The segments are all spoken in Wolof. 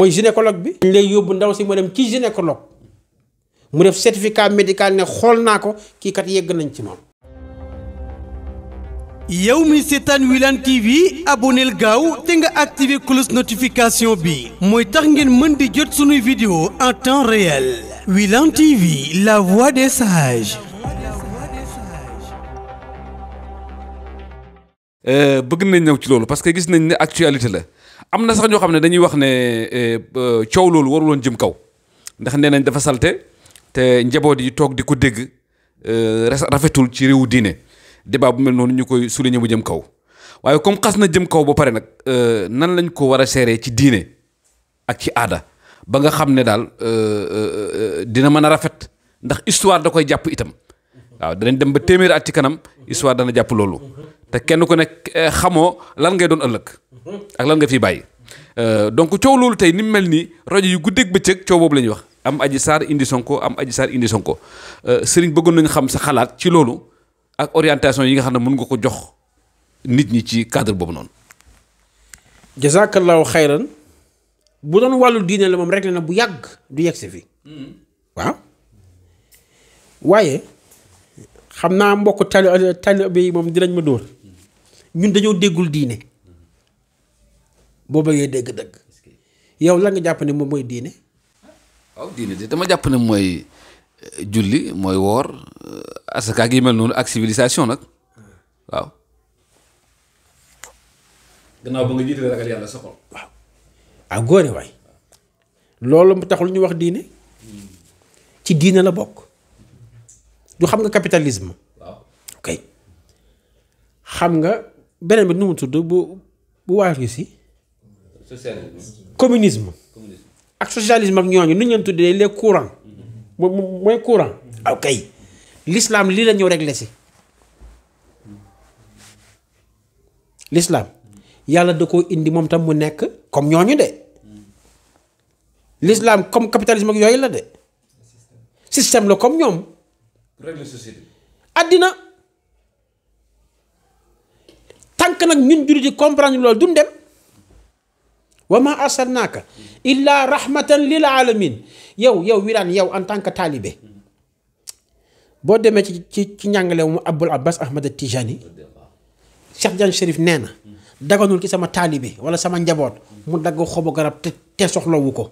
mooy gynécologue bi. ñu lay yóbbu ndaw si mu dem ci gynécologue mu def certificat médical ne xool naa ko kii kat yegg nañ ci moom. yow mi seetaan Wilane TV aboneel gaaw te nga activé cloche notification bi mooy tax ngeen mën bi jot sunuy video en temps réel Wilane TV la voix des sages. Euh, bëgg nañ ñëw ci loolu parce que gis nañ ne actualité la. am na sax ñoo xam ne dañuy wax ne euh, coow loolu waruloon jëm kaw ndax nee nañ dafa salte te njaboot yi toog di ko dégg euh, rafetul ci réewu diine débat bu mel noonu ñu koy souligner mu jëm kaw waaye comme xas na jëm kaw ba pare nag euh, nan lañ ko war a seeree ci diine ak ci aada ba nga xam ne daal dina mën a rafet ndax histoire da koy jàpp itam waaw danañ dem ba téeméeri at ci kanam histoire dana jàpp loolu te kenn ku nekk eh, xamoo lan ngay doon ëllëg ak lan nga fi bàyyi euh, donc coow loolu tey ni mu mel nii rajo yu guddeeg bëccëg coow boobu la ñuy wax am aji saar indi sonko am aji saar indi sonko euh, sëriñ bëggoon nañu xam sa xalaat ci loolu ak orientation yi nga xam ne mën nga ko jox nit ñi ci cadre boobu noonu. jazakallahu xayran bu doon wàllu diine la moom rek na bu yàgg du yegg si fi waaw waaye xam naa mbokk tali tali bi moom dinañ ma dóor. ñun dañoo déggul diine boo bëggee dégg dëgg yow la nga jàpp ne moom mooy diine. dama jàpp ne mooy euh, julli mooy woor euh, asaka gi mel noonu ak civilisation nag waaw. gannaaw ba sa xol. waaw ah góore waay loolu mu taxul ñu wax diine ci diine la bokk du xam nga capitalisme. waaw xam nga. beneen bi nu mu tudd bu bu waa Russie. socialisme communisme. ak socialisme ak ñooñu nu ñu leen tuddee les courants. moom mooy courant. ok lislaam lii la ñëw réglé si. lislaam yàlla da koo indi moom tam mu nekk comme ñooñu de. l'islam comme capitalisme ak yooyu la de. système la comme ñoom. règle àddina. tànk nag ñun jullit yi comprendre loolu duñ dem wa ma arsalnaaka illa rahmatan lil alamin yow yow Wilane yow en tant que taalibe boo demee ci ci ci njàngale mu Abul Abbas Ahmad Tijani Cheikh Jaan nee na daganul ci sama taalibe wala sama njaboot mu dagg xobu garab te soxlawu ko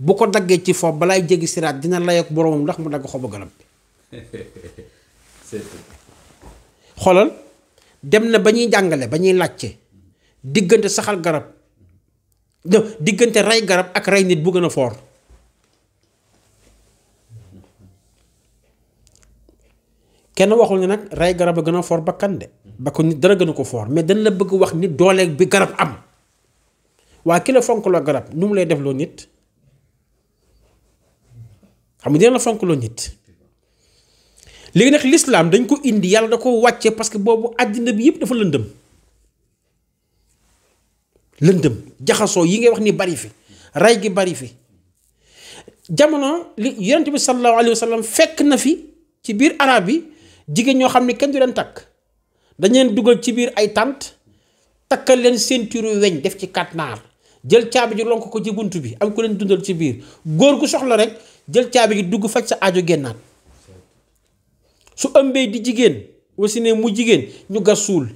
bu ko daggee ci foofu balaay jéggi siraat dina layoog boromam ndax mu dagg xobu garab bi xoolal dem na ba ñuy jàngale ba ñuy laajte diggante saxal garab diggante rey garab ak rey nit bu gën a foor kenn waxul ne nag rey garab a gën a foor bakkan de bakku nit dara gën a ko foor mais dañ la bëgg wax nit doole bi garab am waa ki la fonk loo garab nu mu lay def loo nit xam nga dina la fonk loo nit léegi nag lislaam dañ ko indi yàlla da ko wàcce parce que boobu àddina bi yëpp dafa lëndëm lëndëm jaxasoo yi ngay wax ni bari fi ray gi bari fi jamono li yonent bi sallallahu alayhi wa fekk na fi ci biir araab bi jigéen ñoo xam ne kenn du leen takk dañ leen dugal ci biir ay tànt takkal leen ceinture weñ def ci kat naar jël caabi ji lonk ko ci bunt bi am ku leen dundal ci biir góor gu soxla rek jël caabi ji dugg faj sa aajo génnaat su ëmbee di jigéen wasi mu jigéen ñu gas suul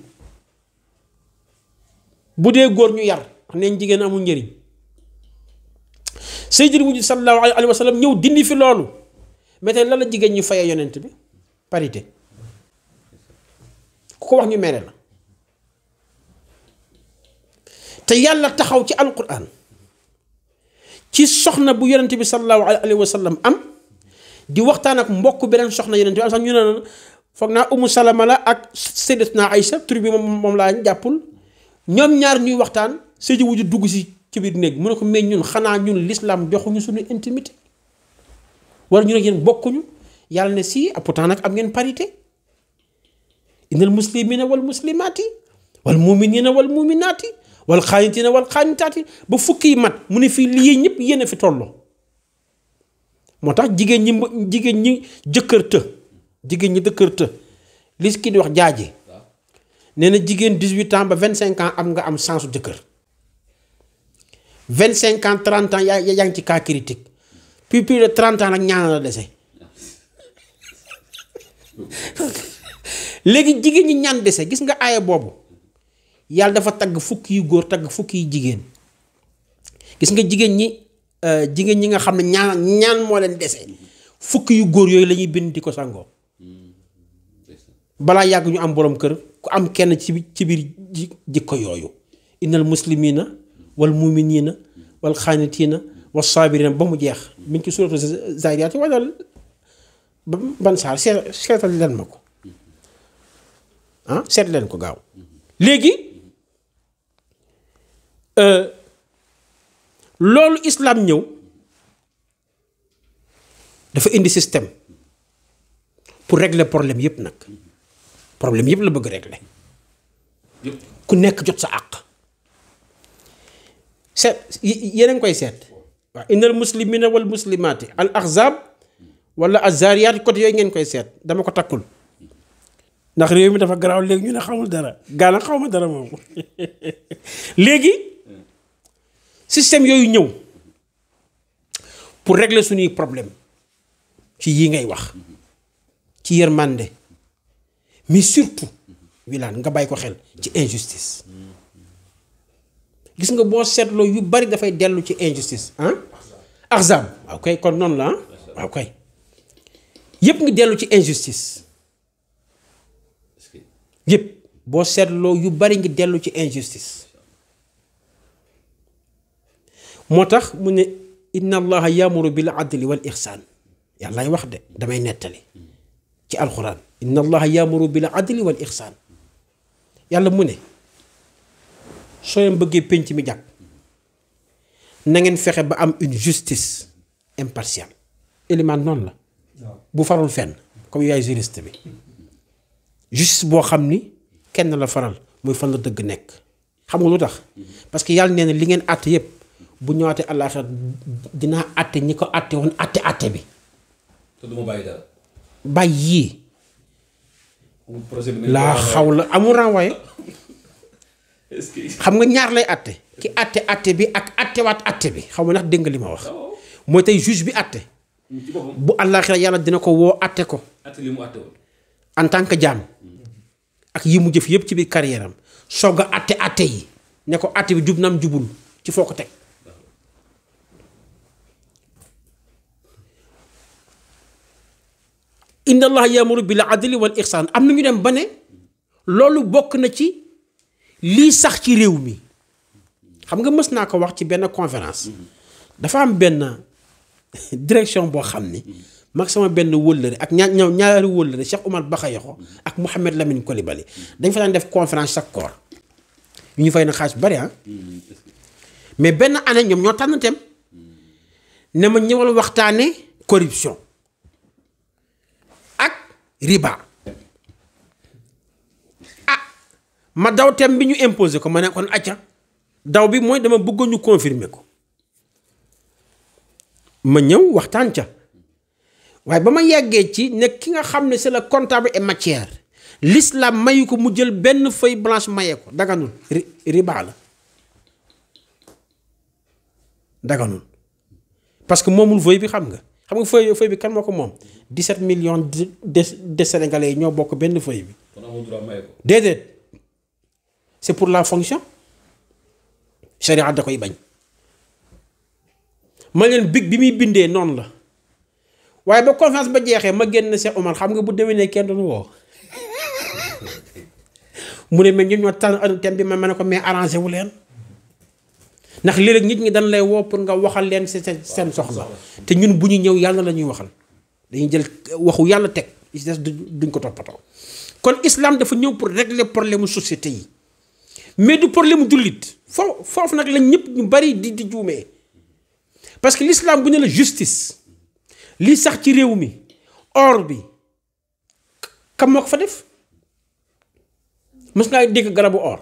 bu dee góor ñu yar neen jigéen amul njëriñ sayyidina Muhammad sallallahu alayhi wa sallam ñëw dindi fi loolu mais tey lan la jigéen ñu fayee yonent bi parité ku ko wax ñu mere la te yàlla taxaw ci alquran ci soxna bu yonent bi sallallahu alayhi wa sallam am di waxtaan ak mbokk beneen soxna yeneen bi sax ñu ne noonu foog naa umu salama la ak sayyidatuna Aïcha tur bi moom moom laa jàppul ñoom ñaar ñuy waxtaan sëji wuju dugg si ci biir néeg mu ne ko mais ñun xanaa ñun l'islam joxuñu suñu intimité wala ñu ne yéen bokkuñu yàlla ne si ah, pourtant nag am ngeen parité innal muslimina wal muslimaati wal muminina wal muminaati wal xaanitina wal xaanitaati ba fukki mat mu ne fii lii ñëpp yéen a fi tolloo moo tax jigéen ñi jigéen ñi jëkkër jigéen ñi dëkkër të li kii di wax jaaji nee na jigéen 18 ans ba 25 ans am nga am sensu jëkkër 25 ans 30 ans yaa yaa ngi ci cas critique puis plus de 30 ans nag ñaana la dese léegi jigéen ñi ñaan dese gis nga aaya boobu yàlla dafa tagg fukki yu góor tagg fukki yu jigéen gis nga jigéen ñi. Euh, jigéen ñi nga xam ne ñaan ñaan moo leen dese fukki yu góor yooyu lañuy bind di ko sangoo balaa yàgg ñu am boroom kër ku am kenn ci ci biir jikko yooyu innal muslimina wal muminina wal xaanitina wal saabirina ba mu jeex mi ngi ci suratu zaariyaati wala ban saar seet seetal leen ma ko ah seet leen ko gaaw léegi. Euh, loolu islaam ñëw dafa indi système pour régler problème yëpp nag problème yëpp la bëgg régler ku nekk jot sa àq seet yéen a koy seet waa waaw innal muslimina wal muslimaati al ahzab wala azariyaat côté yooyu ngeen koy seet dama ko takkul ndax réew mi dafa garaaw léegi ñu ne xamul dara gaana xaw ma dara moom léegi système yooyu ñëw pour régler suñuy problème ci yi ngay wax ci yërmande mais surtout Wilane nga bàyyi ko xel ci injustice gis nga boo seetloo yu bari dafay dellu ci injustice ah axsab waaw ah, kay kon noonu la waaw ah? ah, kay yëpp ngi dellu ci injustice yëpp boo seetloo yu bari ngi dellu ci injustice moo tax mu ne inna allaha yamuru bil adli wal ihsaan yàllaay wax de damay nettali ci alxuraan inna allaha bi la adli wal ihsaan yàlla mu ne soo yam bëggee pénc mi jàpp na ngeen fexe ba am une justice impartiale élément noonu la bu farul fenn comme yaay juriste bi justice boo xam ni kenn la faral muy fan la dëgg nekk xam nga lu tax parce que yàlla nee na li ngeen àtt yépp bu ñëwaatee àllaaxira dinaa àtte ñi ko àtte woon àtte àtte bi. te du bàyyi projet bi laa xaw la amul renvoyé. xam nga ñaar lay àtte. ki àtte àtte bi ak àttewaat àtte bi xaw ma ndax dégg nga li ma wax. Ah mooy tey juge bi àtte. Mm, bu àllaaxira yàlla dina ko woo àtte ko. àtte li mu en tant que jaam. ak yi mu jëf yëpp ci biir carrière am soog a àtte àtte yi ne ko àtte bi jub nam jubul ci foo ko teg. inna allaha yamuru bil adli wal ihsan am na ñu dem ba ne loolu bokk na ci lii sax ci réew mi xam nga mës naa ko wax ci benn conférence dafa am benn direction boo xam ni mag sama benn wëllëre ak ñaar ñaar ñaari wëllëre Cheikh Omar Bakhayoxo ak Mouhamed Lamine Coulibaly dañ fa daan def conférence chaque corps yu ñu fay na xaalis bari ah mais benn année ñoom ñoo tànn tem ne ma ñëwal waxtaane corruption riba ah ma daw thème bi ñu imposé ko ma ne kon acca daw bi mooy dama bëggoon ñu confirmer ko ma ñëw waxtaan ca waaye ba ma yeggee ci ne ki nga xam ne c'est le comptable et matière l'islam mayu ko mu jël benn feuille blanche mayee ko daganul riba la daganul parce que moomul feuille bi xam nga xam nga feuille feuille bi kan moo ko moom 17 millions de de sénégalais yi ñoo bokk benn feuille bi. kon amul c'est pour la fonction charia da koy bañ ma leen big bi muy bindee noonu la waaye ba conférence ba jeexee ma génn Cheikh Omar xam nga bu ne kenn doon woo mu ne mais ñun ñoo bi ma ma ne ko mais arrangé wu leen. ndax léeg nit ñi dañ lay woo pour nga waxal leen seen seen soxla te ñun bu ñuy ñëw yàlla la ñuy waxal dañuy jël waxu yàlla teg li des duñ ko toppatoo kon islam dafa ñëw pour régler problème mu société yi mais du problème mu jullit foofu foofu nag lañ ñëpp ñu bari di di juumee parce que l'islam bu ne la justice li sax ci réew mi or bi kam moo ko fa def mës ngaa dégg garabu or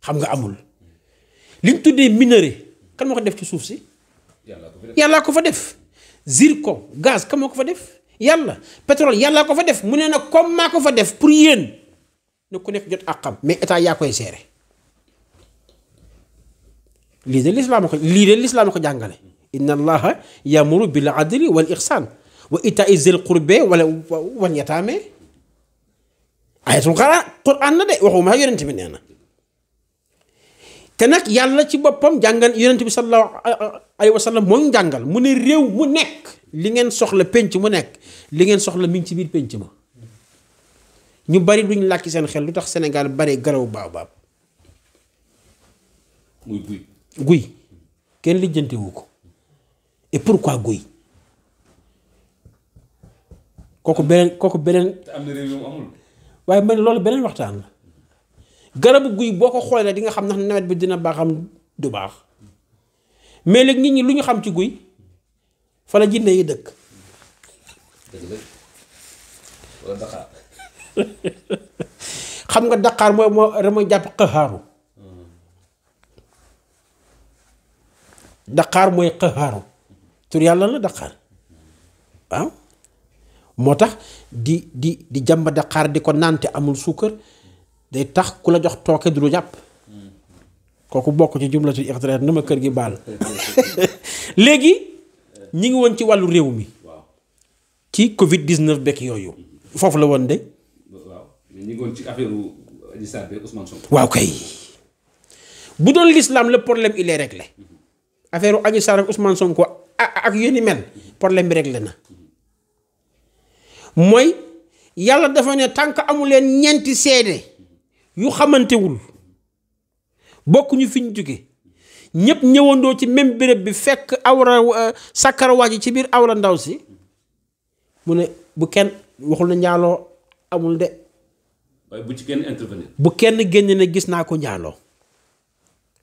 xam nga amul. li ñu tuddee minerai kan moo ko def ci suuf si. yàllaa ko fa def zircon gaz kan moo ko fa def yàlla pétrole yàllaa ko fa def mu ne nag comme maa ko fa def pour yéen ne ku nekk jot àqam mais état yaa koy seere lii de lislaam ko lii de lislaam ko jàngale inna allaha yamuru bil adli wal ihsan wa itaa zil qurbe wala wal yataame ayatul quran na de waxuma yonent bi nee na te nag yàlla ci boppam jàngal yonent bi sallallahu alayhi wa sallam moo jàngal mu ne réew mu nekk li ngeen soxla pénc mu nekk li ngeen soxla mi ci biir pénc ma ñu bari duñ làkk seen xel lu tax Sénégal bare garaw baobab muy guy guy kenn lijjantewu ko et pourquoi guy kooku beneen kooku beneen. te am waaye man loolu beneen waxtaan la. garabu guy boo ko xoolee di nga xam ndax nawet bi dina baax du baax mais léegi nit ñi lu ñu xam ci guy fa la jinne yi dëkk. xam nga daqaar mooy moo dama jàpp xëxaaru daqaar mooy xëxaaru tur yàlla la daqaar ah? moo tax di di di jàmba daqaar di ko naan amul suukar day tax ku la jox tooke du lu jàpp kooku bokk ci jumlatul ixtiraat na ma kër gi baal léegi ñi ngi woon ci wàllu réew mi ci Covid 19 yooyu foofu la woon de. waaw kay bu doon l'islam le problème il est réglé affaire Adji Sarr ak Ousmane Sonko ak yéen i mel problème bi réglé na mooy yàlla dafa ne tànk amu leen ñeenti seede. yu xamantewul bokkuñu fi ñu jóge ñépp ñëwandoo ci même béréb bi fekk awra euh, sàkkara waaj ci biir awra ndaw si mu ne bu kenn waxul na njaaloo amul de bu ci kenn bu kenn génn ne gis naa ko njaaloo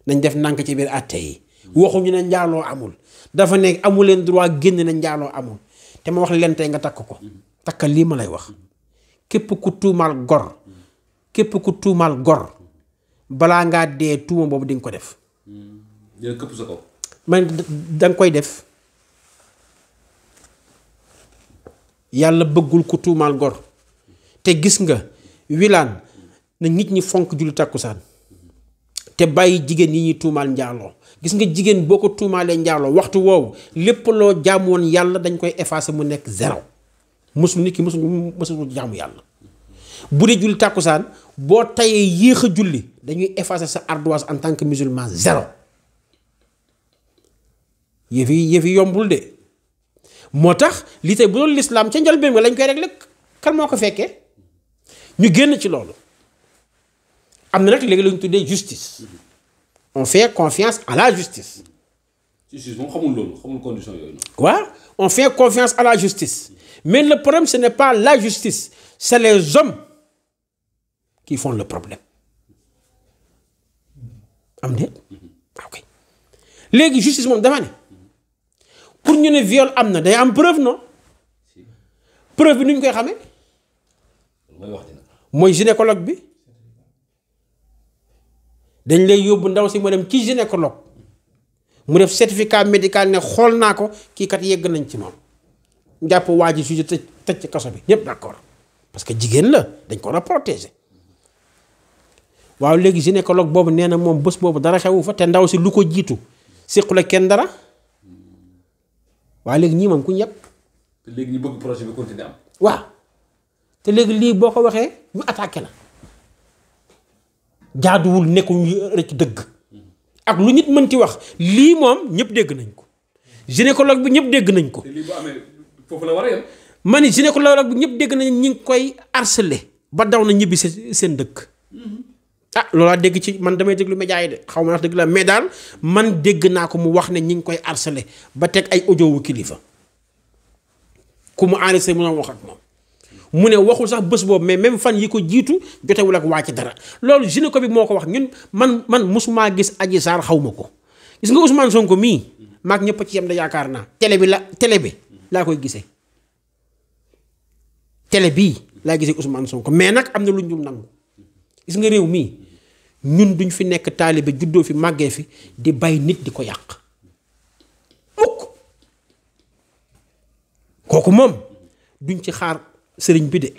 nañ def nànk ci biir àtte yi waxuñu ne njaaloo amul dafa ne amul leen droit génn ne njaaloo amul te ma wax leen nga takk ko mm-hmm. takkal lii ma lay wax képp ku tuumaal gor képp ku tuumaal gor balaa ngaa dee tuuma boobu di ko def. dina hmm. man da koy def yàlla bëggul ku tuumaal gor te gis nga wilaan na nit ñi fonk julli tàkkusaan te bàyyi jigéen yi ñuy tuumaal njaaloo gis nga jigéen boo ko tuumaalee njaaloo waxtu woowu lépp loo jaamoon yàlla dañ koy effacer mu nekk zéro musul nit ki musul musul jaamu yàlla. bu dee julli tàkkusaan boo tayee yéex a julli dañuy effacer sa ardoise en tant que musulman zéro yëf yi yëf yombul de moo tax li tey bu doon lislaam ca njëlbéen nga lañ koy réglé kan moo ko fekkee ñu génn ci loolu am na nag léegi la tuddee justice on fait confiance à la justice. justice moom xamul loolu xamul condition yooyu. waaw on la justice mais le problème ce n'est pas la justice c'est les hommes. qui font la problème am déet ok léegi justice moom dafa ne pour ñu ne viol am na day am preuve non preuve bi nu ñu koy xamee mooy gynécologue bi dañ lay yóbbu ndaw si mu dem ci gynécologue mu def certificat médical ne xool naa ko kii kat yegg nañ ci moom jàpp waa ji sujet tëj tëj ci kaso bi ñëpp d'accord parce que jigéen la dañ ko war a protéger waaw léegi gynécologue boobu nee na moom bës boobu dara xewu fa te ndaw si lu ko jiitu séqula kenn dara waaw léegi ñii moom ku ñëpp. te léegi projet bi continuer am. waaw te léegi lii boo ko waxee ñu attaqué la jaaduwul nekkuñu rek dëgg ak lu nit mën ci wax lii moom ñëpp dégg nañ ko gynécologue bi ñëpp dégg nañ ko. te lii la war a yem. ma ni gynécologue bi ñëpp dégg nañ ñu ngi koy harcelé ba daw na ñibbi seen dëkk. ah loolaa dégg ci man damay déglu média yi de xaw ma ndax dégg la mais daal man dégg naa ko mu wax ne ñu ngi koy harcelé ba teg ay audio wu kilifa ku mu enregistré mu doon wax ak moom. mu ne waxul sax bés boobu mais même fan yi ko jiitu jotewul ak waa ci dara loolu gynéco bi moo ko wax ñun man man mosumaa gis Adji Sarr xaw ma ko. gis nga Ousmane Sonko mii maag ñëpp ci yem yaakaar naa. tele bi la tele bi laa koy gise tele bii laa gisee Ousmane Sonko mais nag am na lu ñu nangu gis nga réew mii. ñun duñ fi nekk taalibe juddoo fi màggee fi di bay nit di ko yàq mukk kooku moom duñ ci xaar sëriñ bi de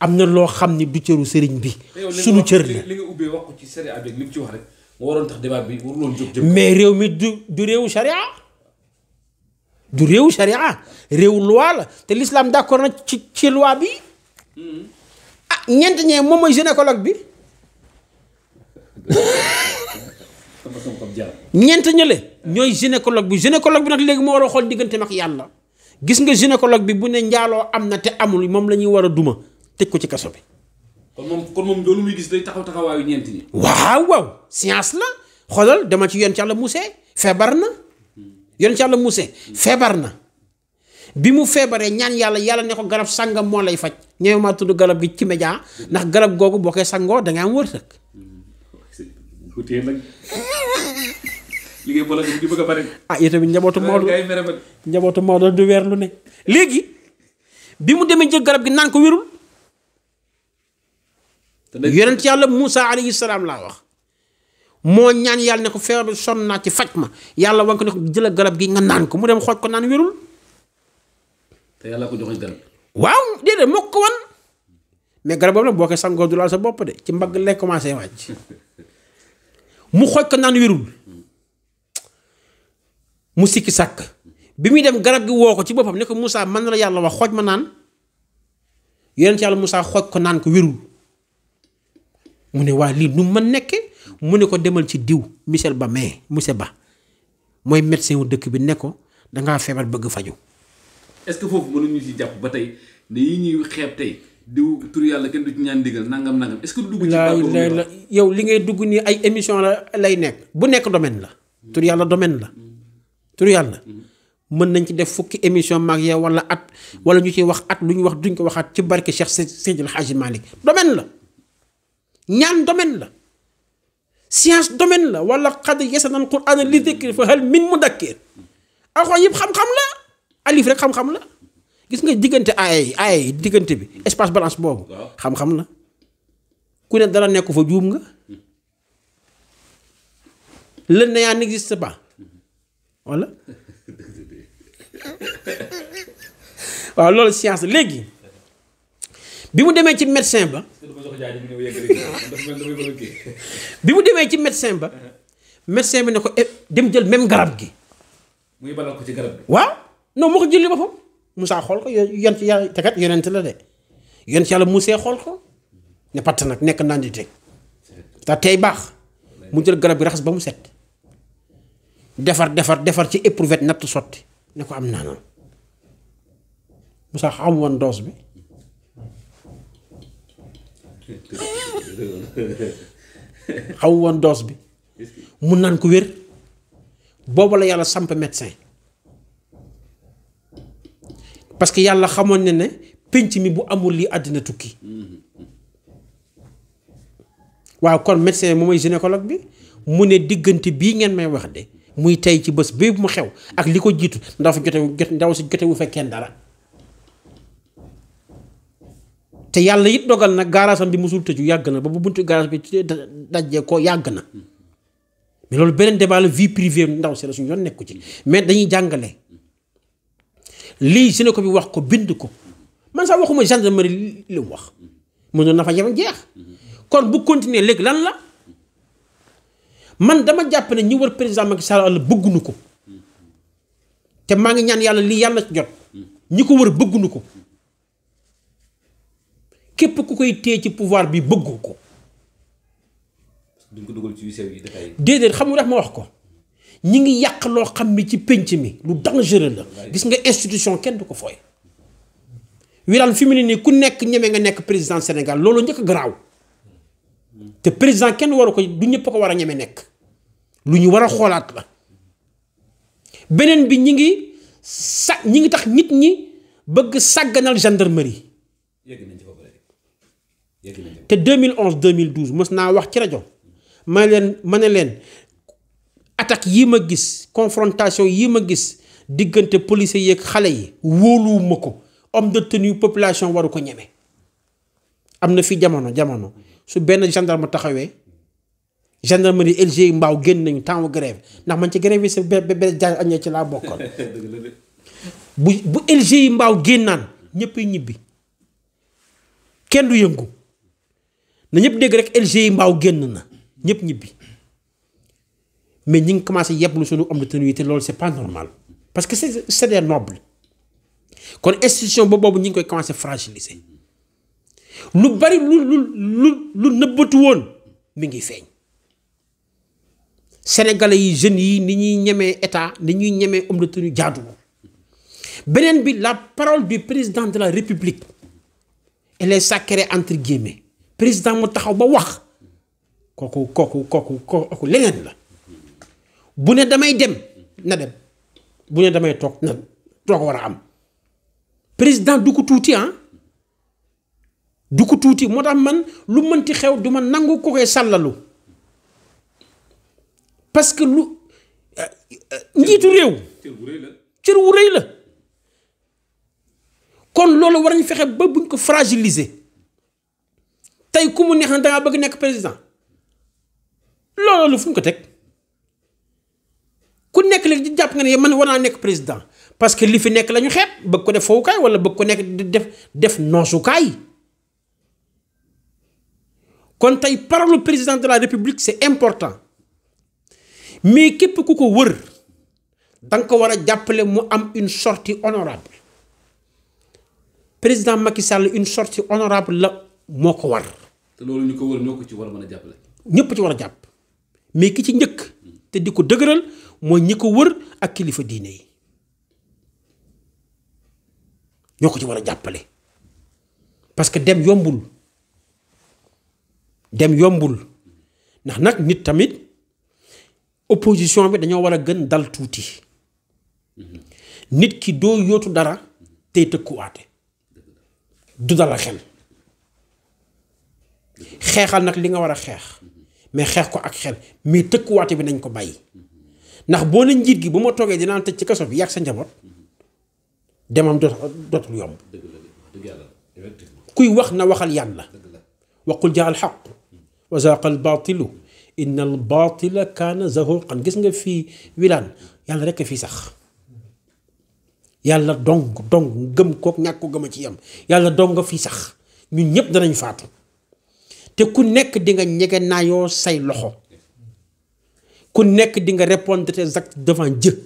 am na loo xam ni du cëru sëriñ bi. suñu cër li ci sariya bi li wax rek tax débat mais réew mi du du réewu sariya du réewu sariya réewu loi la te l'islam d'accord na ci ci bi hmm. ah ñeent ñee moom mooy gynécologue bi. ñeent ñële ñooy gynécologue bi gynécologue bi nag léegi moo war a diggante mag yàlla gis nga gynécologue bi bu ne njaaloo am na te amul moom la ñuy war a duma tëj ko ci kaso bi. kon moom kon moom loolu muy gis day taxaw taxawaayu ñeent ñi. waaw waaw science la xoolal demal ci yoon ci yàlla Muuse feebar na yoon ci yàlla Muuse feebar na bi mu feebaree ñaan yàlla yàlla ne ko garab sàngam moo lay faj ñëw maa tudd garab gi ci média ndax garab googu boo koy sangoo da nga am wërsëg ku téye ah yow tamit njabootu Maodo njabootu Maodo du weer lu ne. léegi bi mu demee jël garab gi naan ko wérul. yonent yàlla Moussa alayhi salaam laa wax. moo ñaan yàlla ne ko feebar bi sonn naa ci faj ma yàlla wan ko ne ko garab gi nga naan ko mu dem xooj ko naan wérul. te yàlla ko joxoon garab. moo ko wan. mais garab boobu nag boo ko sangoo du laal sa bopp de ci mbagg lay commencé wàcc. mu xooj ko naan wérul mu sikki sàkk bi muy dem garab gi woo ko ci boppam ne ko Moussa man na la yàlla wax xooj ma naan yonent yàlla Moussa xooj ko naan ko mu ne waa lii nu man nekke mu ne ko demal ci diw Michel Ba mais Michel Ba mooy médecin wu dëkk bi ne ko dangaa feebar bëgg faju est-ce que foofu mënuñu ci jàpp ba tey ne yi ñuy xeeb tey diw tur yàlla kenn du ñaan digal nangam nangam est-ce que dugg ci yow li ngay dugg nii ay émission la lay nekk bu nekk domaine la tur yàlla domaine la tur yàlla mën nañ ci def fukki émission mag yow wala at wala ñu ci wax at lu ñu wax duñ ko waxaat ci barke Cheikh Seydil Hadji Malick domaine la ñaan domaine la science domaine la wala xad yasanal qur'ana li dhikri fa hal min mudakkir alxuraan yëpp xam-xam la alif rek xam-xam la gis nga diggante aaya yi aaya yi diggante bi espace balance boobu. xam-xam na ku ne dara nekku fa juum nga. lën na yaa n'existe pas wala waaw loolu science léegi bi mu demee ci médecin ba. bi mu demee ci médecin ba. médecin bi ne ko eh, dem jël même garab gi. muy waaw non moo ko jëli boppam. musaa xool ko yont yàlla te kat yonent la de yonent yàlla Moussa xool ko ne nag nekk naan di teg te tey baax mu jël garab gi raxas ba mu set defar defar defar ci éprouvette natt sotti ne ko am naanam Moussa woon doos bi xaw woon doos bi mu naan ko wér boobu la yàlla samp médecin parce que yàlla xamoon na ne pénc mi bu amul lii àddina tukki waaw kon médecin moom mooy gynécologue bi mu ne diggante bii ngeen may wax de muy tey ci bés bi mu xew ak li ko jiitu ndaw si jote ndaw si jote wu fa kenn te yàlla yit dogal na gaaraasam bi musul tëju yàgg na ba bu buntu gaaraas bi dajee ko yàgg na mais loolu beneen débat la vie privée ndaw si la suñu yoon nekku ci mais dañuy jàngale lii su ne ko bi wax ko bind ko man sax waxuma ma li lu wax mu mënoon na fa yem jeex kon bu continuer léegi lan la man dama jàpp ne ñi war président ma Sall àll bëggunu ko te maa ngi ñaan yàlla lii yàlla ci jot ñi ko war bëggunu ko képp ku koy téye ci pouvoir bi bëggu ko. duñ ko dugal ci déedéet xam nga ma wax ko. ñi ngi yàq loo xam ne ci pénc mi lu dangereux la gis nga institution kenn du ko fooy Wilane fi mu ne nii ku nekk ñeme nga nekk président Sénégal loolu njëkk garaaw te président kenn waru ko du ñëpp ko war a ñeme nekk lu ñu war a xoolaat la beneen bi ñi ngi sa ñi ngi tax nit ñi bëgg sàgganal gendarmerie te 2011 2012 mës naa wax ci rajo ma leen ma ne leen attaque yii ma gis confrontation yi ma gis diggante policiers yeeg xale yi wóoluwuma ko homme de tenue population waru ko ñeme am na fi jamono jamono su benn gendarme taxawee gendarmerie LG mbaaw génn nañu temps grève ndax man ci grève yi ci laa bokkoon bu bu LG yi mbaaw génnaan ñëpp ñibbi kenn du yëngu na ñëpp dégg rek LG yi mbaaw génn na ñëpp ñibbi mais ñi ngi commencé yeblu suñu om de tenue yi te loolu c'est pas normal parce que c'est c'est des nobles kon institution ba boobu ñi ngi koy commencé fragiliser lu bari lu lu lu nëbbatu woon mi ngi feeñ sénégalais yi jeunes yi ni ñuy ñemee état ni ñuy ñemee homme de tenue jaaduwul beneen bi la parole du président de la république elle est sacrée entre guillemets président mu taxaw ba wax kooku kooku kooku kooku leneen la bu ne damay dem na dem bu ne damay toog na toog war a am président du ko tuuti ah du ko tuuti moo tax man lu mënti xew du ma nangu ko koy sàllalu parce que lu euh, njiitu réew cër wu rëy la kon loolu war nañ fexe ba buñ ko fragiliser tey ku mu neex na dangaa bëgg nekk président loolu fu ñu ko teg lu nekk léegi di jàpp nga ne man war naa nekk président parce que li fi nekk la ñu xeeb bëgg ko def fowukaay wala bëgg ko nekk def def noosukaay kon tey parole président de la république c'est important mais képp ku ko wër danga ko war a jàppale mu am une sorti honorable président Macky Sall une sortie honorable la moo ko war. te loolu ñu ko wër ñoo ko ci war a mën a jàppale. ñëpp ci war a jàpp mais ki ci njëkk. te di ko dëgëral mooy ñi ko wër ak kilifa diine yi ñoo ko ci war a jàppale parce que dem yombul dem yombul ndax nag nit tamit opposition bi dañoo war a gën dal tuuti nit ki doo yootu dara tey tëkkuwaate du dala xel xeexal nag li nga war a xeex mais xeex ko ak xel mais tëkkuwaate bi nañ ko bàyyi ndax boo ne njiit gi bu ma toogee dinaa tëj ci kaso bi yàgg sa njaboot demam dootul yomb kuy wax na waxal yàlla waqul jaa al xaq wa zaqa al baatilu inna al baatila kaana zahuqan gis nga fii wilaan yàlla rekk fii sax yàlla dong dong ngëm kook ñàkk ko gëm a ci yam yàlla dong nga fii sax ñu ñëpp danañ faatu te ku nekk di nga ñege naayoo say loxo ku nekk di nga répondre tes actes devant Dieu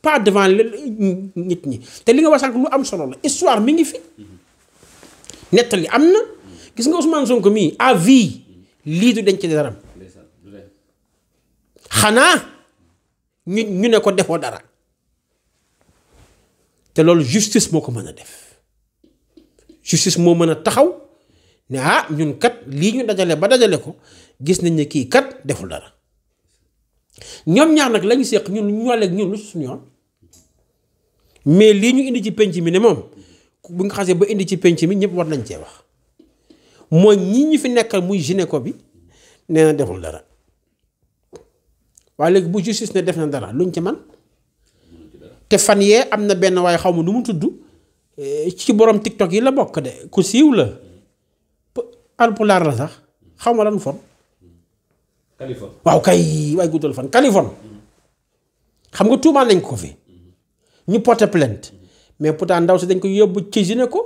pas devant nit ñi te li nga wax sànq lu am solo la histoire mi ngi fi nettali am na gis nga Ousmane ko mii à vie lii du denc daram xanaa ñu ñu ne ko defoo dara te loolu justice moo ko mën a def justice moo mën a taxaw. ne ah ñun kat lii ñu dajale ba dajale ko gis nañ ne kii kat deful dara ñoom ñaar nag lañu séq ñun ñoo leeg ñun lu suñu yoon mais lii ñu indi ci penc mi ne moom bu nga xasee ba indi ci penc mi ñëpp war nañ cee wax mooy ñi ñu fi nekkal muy ko bi nee na deful dara waaye léegi bu justice ne def na dara luñ ci man te fan yee am na benn waaye xaw ma lu mu tudd eh, ci borom tiktok yi la bokk de ku siiw la. alpulaar la sax xaw ma lan fon. waaw kay waay guddal fan Kalifon. xam nga tuumaal nañ ko fi. ñu porté plainte. mais pourtant ndaw si dañ ko yóbbu ci gynéco.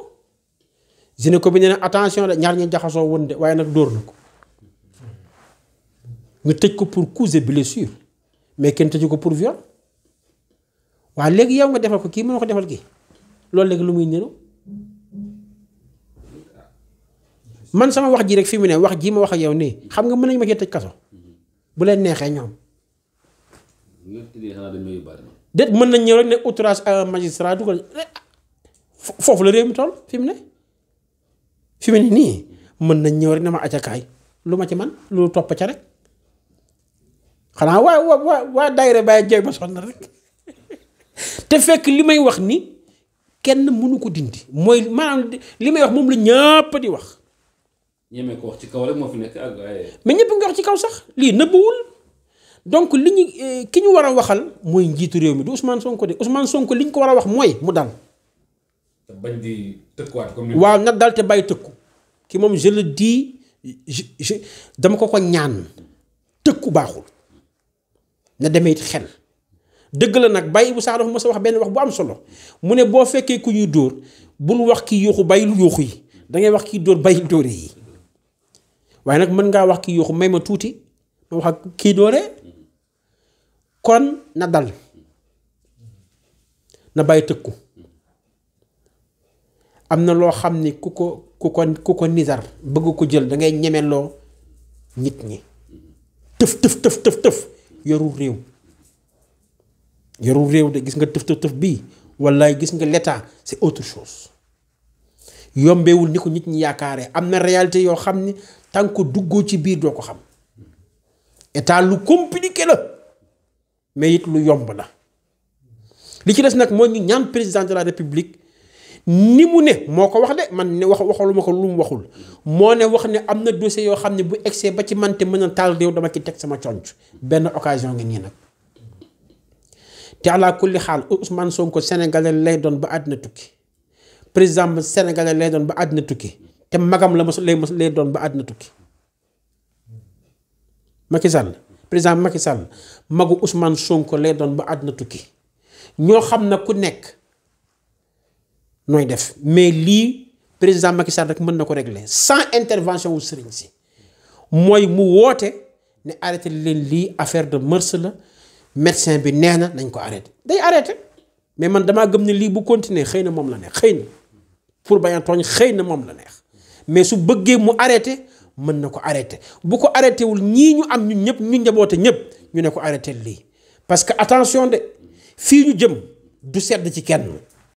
ko bi nee na attention de ñaar ñi jaxasoo woon de waaye nag dóor na ko. ñu tëj ko pour coups et mais kenn tëju ko pour viol. waaw léegi yow nga defal ko kii mënoo ko defal ki loolu léegi lu muy niru. man sama wax ji rek fi mu ne wax ji ma wax a yow nii xam nga mën nañu ma cee tëj kaso bu leen neexee ñoom. déet mën na ñëw rek ne outrage à magistrat dugal foofu la réew mi toll fi mu ne fi nii mën nañ ñëw rek ne ma acakaay lu ma ci man lu topp ca rek xanaa waa waa waa daayira bàyyi jooy ba sonn rek te fekk li may wax ni kenn mënu ko dindi mooy maanaam li may wax moom la ñëpp di wax ñeme ko ci kaw rek moo fi nekk ak mais ñëpp nga wax ci kaw sax lii nëbbuwul donc li ñu eh, ki ñu war a waxal mooy njiitu réew mi du Ousmane Sonko de Ousmane Sonko li ñu ko war a wax mooy mu dal. te bañ di tëkkuwaat comme waaw nag dal te bàyyi tëkku ki moom je di dis dama ko ko ñaan tëkku baaxul na demee it xel. dëgg la nag bàyyi bu sax dafa mës a wax benn wax bu am solo mu ne boo fekkee ku ñuy dóor bul wax kii yuuxu bàyyi lu yuuxu yi da ngay wax kii dóor bàyyi dóore yi waaye nag mën ngaa wax kii yuuxu may ma tuuti ma wax ak kii doole kon na dal na bàyyi tëkku am na loo xam ni ku ko ku ko ku ko nizar bëgg ko jël dangay ngay ñemeloo nit ñi tëf tëf tëf tëf tëf yoru réew yoru réew de gis nga tëf tëf tëf bii wallaay gis nga l'état si autre chose yombewul ni ko nit ñi yaakaare am na réalité yoo xam ni tant que duggoo ci biir doo ko xam état lu compliqué la mais it lu yomb la li ci des nag moo ñu ñaan président de la république ni mu ne moo ko wax de man ne wax waxaluma ko lu mu waxul moo ne wax ne am na dossier yoo xam ne bu egsee ba ci mante mën a taal réew dama ci teg sama conc benn occasion ngi nii nag te ala kulli xaal Ousmane Sonko sénégalais lay doon ba àddina tukki président sénégalais lay doon ba àddina tukki te magam la mos lay mos lay doon ba àddina tukki Macky Sall président Macky Sall magu Ousmane Sonko lay doon ba àdduna tukki ñoo xam na ku nekk nooy def mais lii président Macky Sall rek mën na ko régler sans intervention wu sëriñ si mooy mu woote ne arrêté leen lii affaire de mœurs la médecin bi nee na nañ ko arrêté day arrêté mais man damaa gëm ne lii bu continuer xëy na moom la neex xëy na pour bañ a xëy na moom la neex mais su bëggee mu arrêté mën na ko arrêté bu ko arrêté wul ñii ñu am ñëpp ñu njaboote ñëpp ñu ne ko arrêté lii parce que attention de fii ñu jëm du sedd ci kenn